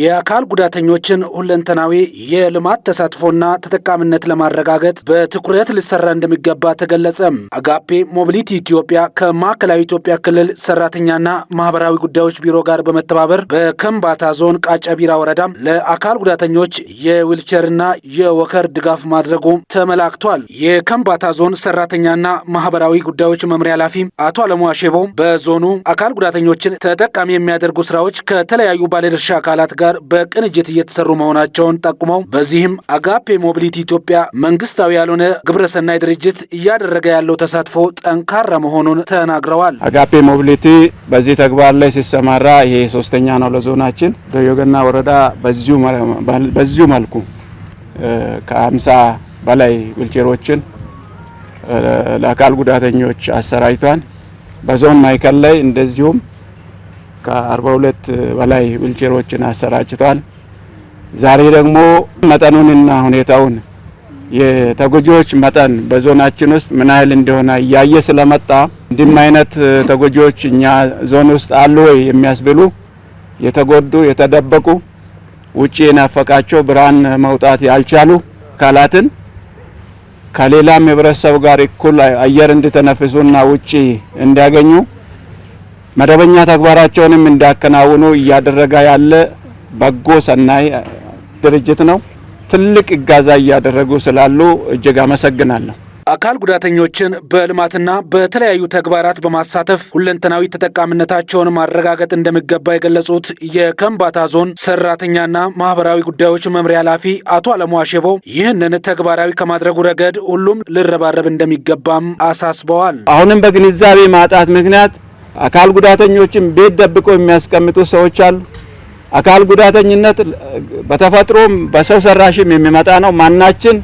የአካል ጉዳተኞችን ሁለንተናዊ የልማት ተሳትፎና ተጠቃሚነት ለማረጋገጥ በትኩረት ሊሰራ እንደሚገባ ተገለጸ። አጋፔ ሞቢሊቲ ኢትዮጵያ ከማዕከላዊ ኢትዮጵያ ክልል ሰራተኛና ማህበራዊ ጉዳዮች ቢሮ ጋር በመተባበር በከምባታ ዞን ቃጫ ቢራ ወረዳ ለአካል ጉዳተኞች የዊልቸርና የወከር ድጋፍ ማድረጉ ተመላክቷል። የከምባታ ዞን ሰራተኛና ማህበራዊ ጉዳዮች መምሪያ ኃላፊ አቶ አለሙ አሼቦ በዞኑ አካል ጉዳተኞችን ተጠቃሚ የሚያደርጉ ስራዎች ከተለያዩ ባለድርሻ አካላት ጋር በቅንጅት እየተሰሩ መሆናቸውን ጠቁመው በዚህም አጋፔ ሞቢሊቲ ኢትዮጵያ መንግስታዊ ያልሆነ ግብረሰናይ ድርጅት እያደረገ ያለው ተሳትፎ ጠንካራ መሆኑን ተናግረዋል። አጋፔ ሞቢሊቲ በዚህ ተግባር ላይ ሲሰማራ ይሄ ሶስተኛ ነው ለዞናችን ደዮገና ወረዳ በዚሁ መልኩ ከአምሳ በላይ ዊልቸሮችን ለአካል ጉዳተኞች አሰራጅቷል። በዞን ማዕከል ላይ እንደዚሁም ከ42 በላይ ዊልቸሮችን አሰራጭቷል። ዛሬ ደግሞ መጠኑንና ሁኔታውን የተጎጂዎች መጠን በዞናችን ውስጥ ምን ያህል እንደሆነ እያየ ስለመጣ እንዲህም አይነት ተጎጂዎች እኛ ዞን ውስጥ አሉ ወይ የሚያስብሉ የተጎዱ፣ የተደበቁ፣ ውጪ የናፈቃቸው ብርሃን መውጣት ያልቻሉ አካላትን ከሌላም ህብረተሰብ ጋር እኩል አየር እንዲተነፍሱና ውጪ እንዲያገኙ መደበኛ ተግባራቸውንም እንዳከናውኑ እያደረገ ያለ በጎ ሰናይ ድርጅት ነው። ትልቅ እገዛ እያደረጉ ስላሉ እጅግ አመሰግናለሁ። አካል ጉዳተኞችን በልማትና በተለያዩ ተግባራት በማሳተፍ ሁለንተናዊ ተጠቃሚነታቸውን ማረጋገጥ እንደሚገባ የገለጹት የከምባታ ዞን ሰራተኛና ማህበራዊ ጉዳዮች መምሪያ ኃላፊ አቶ አለሙ አሸቦ ይህንን ተግባራዊ ከማድረጉ ረገድ ሁሉም ልረባረብ እንደሚገባም አሳስበዋል። አሁንም በግንዛቤ ማጣት ምክንያት አካል ጉዳተኞችም ቤት ደብቀው የሚያስቀምጡ ሰዎች አሉ። አካል ጉዳተኝነት በተፈጥሮም በሰው ሰራሽም የሚመጣ ነው። ማናችን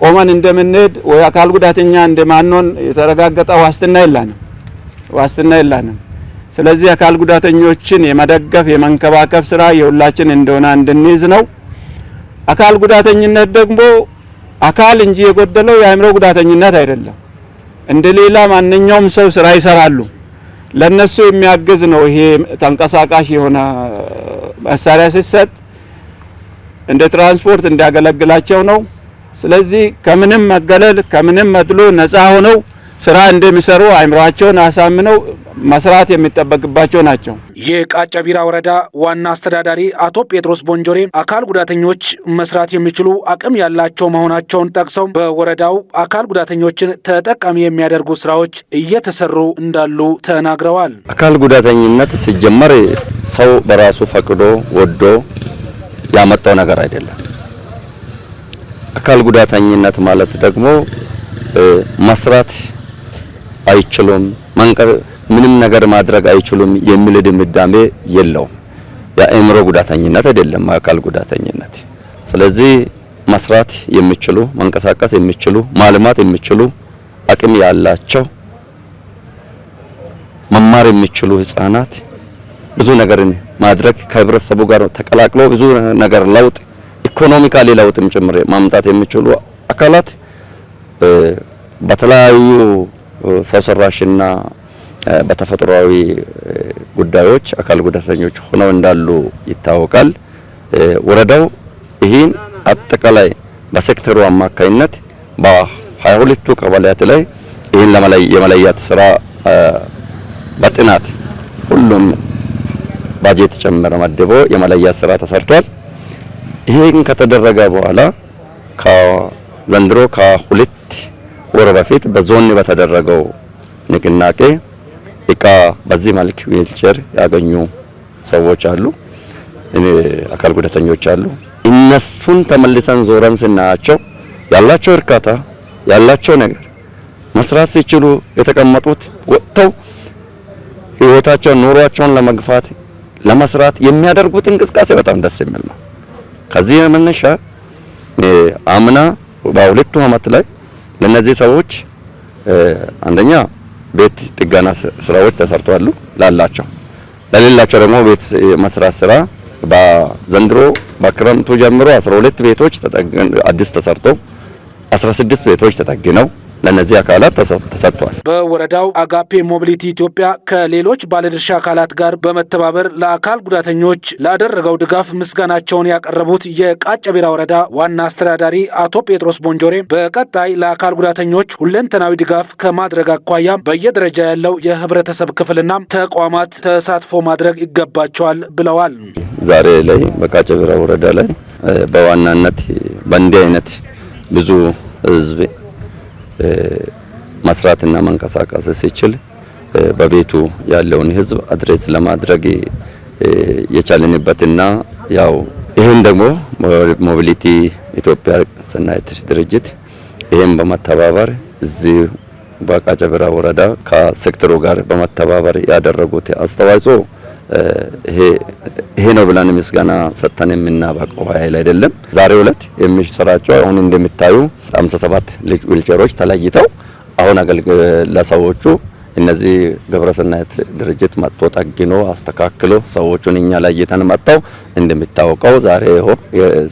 ቆመን እንደምንሄድ ወይ አካል ጉዳተኛ እንደማንሆን የተረጋገጠ ዋስትና የለንም ዋስትና የለንም። ስለዚህ አካል ጉዳተኞችን የመደገፍ የመንከባከብ ስራ የሁላችን እንደሆነ እንድንይዝ ነው። አካል ጉዳተኝነት ደግሞ አካል እንጂ የጎደለው የአእምሮ ጉዳተኝነት አይደለም። እንደ ሌላ ማንኛውም ሰው ስራ ይሰራሉ። ለነሱ የሚያግዝ ነው። ይሄ ተንቀሳቃሽ የሆነ መሳሪያ ሲሰጥ እንደ ትራንስፖርት እንዲያገለግላቸው ነው። ስለዚህ ከምንም መገለል ከምንም መድሎ ነፃ ሆነው ስራ እንደሚሰሩ አይምሯቸውን አሳምነው መስራት የሚጠበቅባቸው ናቸው። የቃጫ ቢራ ወረዳ ዋና አስተዳዳሪ አቶ ጴጥሮስ ቦንጆሬ አካል ጉዳተኞች መስራት የሚችሉ አቅም ያላቸው መሆናቸውን ጠቅሰው በወረዳው አካል ጉዳተኞችን ተጠቃሚ የሚያደርጉ ስራዎች እየተሰሩ እንዳሉ ተናግረዋል። አካል ጉዳተኝነት ሲጀመር ሰው በራሱ ፈቅዶ ወዶ ያመጣው ነገር አይደለም። አካል ጉዳተኝነት ማለት ደግሞ መስራት አይችሉም መንቀ ምንም ነገር ማድረግ አይችሉም የሚል ድምዳሜ የለውም። የአእምሮ ጉዳተኝነት አይደለም፣ አካል ጉዳተኝነት። ስለዚህ መስራት የሚችሉ መንቀሳቀስ የሚችሉ ማልማት የሚችሉ አቅም ያላቸው መማር የሚችሉ ህጻናት ብዙ ነገርን ማድረግ ከህብረተሰቡ ጋር ተቀላቅሎ ብዙ ነገር ለውጥ ኢኮኖሚካሊ ለውጥም ጭምር ማምጣት የሚችሉ አካላት በተለያዩ ሰው ሰራሽና በተፈጥሯዊ ጉዳዮች አካል ጉዳተኞች ሆነው እንዳሉ ይታወቃል። ወረዳው ይህን አጠቃላይ በሴክተሩ አማካኝነት በ 22 ቀበሌያት ላይ ይህን የመለያት ስራ በጥናት ሁሉም ባጀት ጨምረ መድቦ የመለያት ስራ ተሰርቷል። ይህን ከተደረገ በኋላ ዘንድሮ ከሁለት ወር በፊት በዞን በተደረገው ንቅናቄ እቃ በዚህ መልክ ዊልቸር ያገኙ ሰዎች አሉ፣ አካል ጉዳተኞች አሉ። እነሱን ተመልሰን ዞረን ስናያቸው ያላቸው እርካታ ያላቸው ነገር መስራት ሲችሉ የተቀመጡት ወጥተው ህይወታቸውን ኑሯቸውን ለመግፋት ለመስራት የሚያደርጉት እንቅስቃሴ በጣም ደስ የሚል ነው። ከዚህ መነሻ አምና በሁለቱ አመት ላይ ለነዚህ ሰዎች አንደኛ ቤት ጥገና ስራዎች ተሰርተዋል። ላላቸው ለሌላቸው ደግሞ ቤት መስራት ስራ በዘንድሮ በክረምቱ ጀምሮ 12 ቤቶች አዲስ ተሰርቶ 16 ቤቶች ተጠግነው ለእነዚህ አካላት ተሰጥቷል። በወረዳው አጋፔ ሞቢሊቲ ኢትዮጵያ ከሌሎች ባለድርሻ አካላት ጋር በመተባበር ለአካል ጉዳተኞች ላደረገው ድጋፍ ምስጋናቸውን ያቀረቡት የቃጨቢራ ወረዳ ዋና አስተዳዳሪ አቶ ጴጥሮስ ቦንጆሬ በቀጣይ ለአካል ጉዳተኞች ሁለንተናዊ ድጋፍ ከማድረግ አኳያ በየደረጃ ያለው የህብረተሰብ ክፍልና ተቋማት ተሳትፎ ማድረግ ይገባቸዋል ብለዋል። ዛሬ ላይ በቃጨቢራ ወረዳ ላይ በዋናነት በእንዲህ አይነት ብዙ ህዝብ መስራትና መንቀሳቀስ ሲችል በቤቱ ያለውን ህዝብ አድሬስ ለማድረግ የቻለንበትና ያው ይህን ደግሞ ሞቢሊቲ ኢትዮጵያ ሰናይት ድርጅት ይህን በመተባበር እዚህ በቃጨብራ ወረዳ ከሴክተሩ ጋር በመተባበር ያደረጉት አስተዋጽኦ ይሄ ነው ብለን ምስጋና ሰጥተን የምናበቀው ኃይል አይደለም። ዛሬ ዕለት የሚሰራቸው አሁን እንደሚታዩ 57 ዊልቸሮች ተለይተው አሁን ለሰዎቹ እነዚህ ግብረሰናይት ድርጅት መጥቶ ጠግኖ አስተካክሎ ሰዎቹን እኛ ላይ እየተን እንደሚታወቀው ዛሬ ይሆ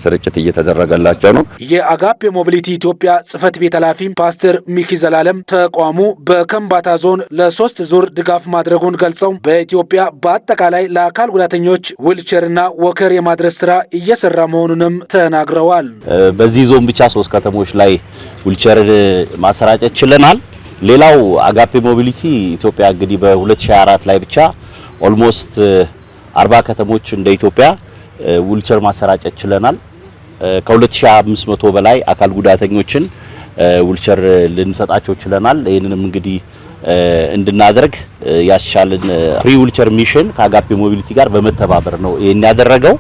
ስርጭት እየተደረገላቸው ነው። የአጋፔ ሞቢሊቲ ኢትዮጵያ ጽህፈት ቤት ኃላፊ ፓስተር ሚኪ ዘላለም ተቋሙ በከምባታ ዞን ለሶስት ዙር ድጋፍ ማድረጉን ገልጸው በኢትዮጵያ በአጠቃላይ ለአካል ጉዳተኞች ዊልቸርና ወከር የማድረስ ስራ እየሰራ መሆኑንም ተናግረዋል። በዚህ ዞን ብቻ ሶስት ከተሞች ላይ ዊልቸርን ማሰራጨት ችለናል። ሌላው አጋፔ ሞቢሊቲ ኢትዮጵያ እንግዲህ በ2024 ላይ ብቻ ኦልሞስት 40 ከተሞች እንደ ኢትዮጵያ ዊልቸር ማሰራጨት ችለናል። ከ2500 በላይ አካል ጉዳተኞችን ዊልቸር ልንሰጣቸው ችለናል። ይህንንም እንግዲህ እንድናደርግ ያስቻልን ፍሪ ዊልቸር ሚሽን ከአጋፔ ሞቢሊቲ ጋር በመተባበር ነው ይህን ያደረገው።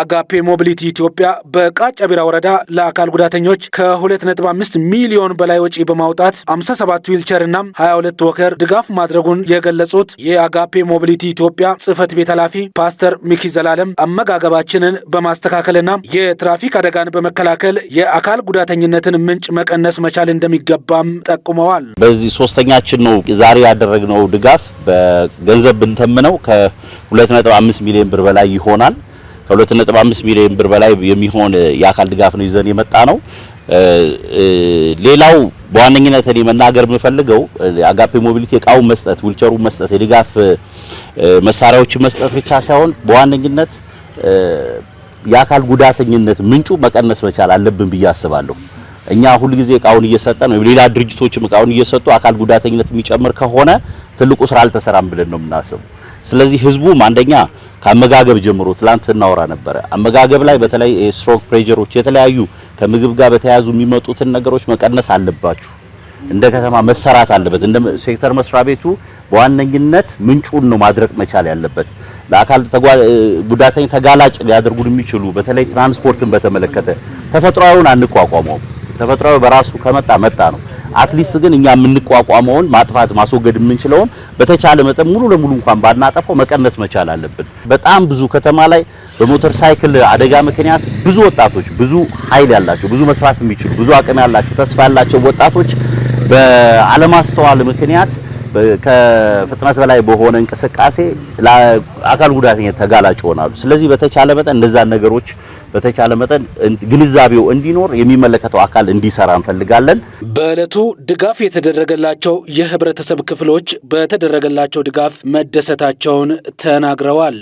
አጋፔ ሞቢሊቲ ኢትዮጵያ በቃጫ ቢራ ወረዳ ለአካል ጉዳተኞች ከ2.5 ሚሊዮን በላይ ወጪ በማውጣት 57 ዊልቸርና 22 ወከር ድጋፍ ማድረጉን የገለጹት የአጋፔ ሞቢሊቲ ኢትዮጵያ ጽህፈት ቤት ኃላፊ ፓስተር ሚኪ ዘላለም አመጋገባችንን በማስተካከልና የትራፊክ አደጋን በመከላከል የአካል ጉዳተኝነትን ምንጭ መቀነስ መቻል እንደሚገባም ጠቁመዋል። በዚህ ሶስተኛችን ነው ዛሬ ያደረግነው ድጋፍ በገንዘብ ብንተምነው ከ2.5 ሚሊዮን ብር በላይ ይሆናል። ከ2.5 ሚሊዮን ብር በላይ የሚሆን የአካል ድጋፍ ነው ይዘን የመጣ ነው። ሌላው በዋነኝነት እኔ መናገር የምፈልገው አጋፔ ሞቢሊቲ እቃው መስጠት፣ ዊልቸሩን መስጠት፣ የድጋፍ መሳሪያዎች መስጠት ብቻ ሳይሆን በዋነኝነት የአካል ጉዳተኝነት ምንጩ መቀነስ መቻል አለብን ብዬ አስባለሁ። እኛ ጊዜ እቃውን እየሰጠን ወይም ሌላ ድርጅቶችም እቃውን እየሰጡ አካል ጉዳተኝነት የሚጨምር ከሆነ ትልቁ ስራ አልተሰራም ብለን ነው የምናስበው። ስለዚህ ህዝቡም አንደኛ ከአመጋገብ ጀምሮ ትላንት ስናወራ ነበረ። አመጋገብ ላይ በተለይ ስትሮክ ፕሬጀሮች፣ የተለያዩ ከምግብ ጋር በተያያዙ የሚመጡትን ነገሮች መቀነስ አለባችሁ። እንደ ከተማ መሰራት አለበት። እንደ ሴክተር መስሪያ ቤቱ በዋነኝነት ምንጩን ነው ማድረቅ መቻል ያለበት። ለአካል ጉዳተኛ ተጋላጭ ሊያደርጉን የሚችሉ በተለይ ትራንስፖርትን በተመለከተ ተፈጥሯዊውን አንቋቋመውም። ተፈጥሯዊ በራሱ ከመጣ መጣ ነው። አትሊስት ግን እኛ የምንቋቋመውን ማጥፋት ማስወገድ የምንችለውን በተቻለ መጠን ሙሉ ለሙሉ እንኳን ባናጠፋው መቀነስ መቻል አለብን። በጣም ብዙ ከተማ ላይ በሞተር ሳይክል አደጋ ምክንያት ብዙ ወጣቶች ብዙ ኃይል ያላቸው ብዙ መስራት የሚችሉ ብዙ አቅም ያላቸው ተስፋ ያላቸው ወጣቶች በአለማስተዋል ምክንያት ከፍጥነት በላይ በሆነ እንቅስቃሴ ለአካል ጉዳተኛ ተጋላጭ ይሆናሉ። ስለዚህ በተቻለ መጠን እነዛን ነገሮች በተቻለ መጠን ግንዛቤው እንዲኖር የሚመለከተው አካል እንዲሰራ እንፈልጋለን። በዕለቱ ድጋፍ የተደረገላቸው የህብረተሰብ ክፍሎች በተደረገላቸው ድጋፍ መደሰታቸውን ተናግረዋል።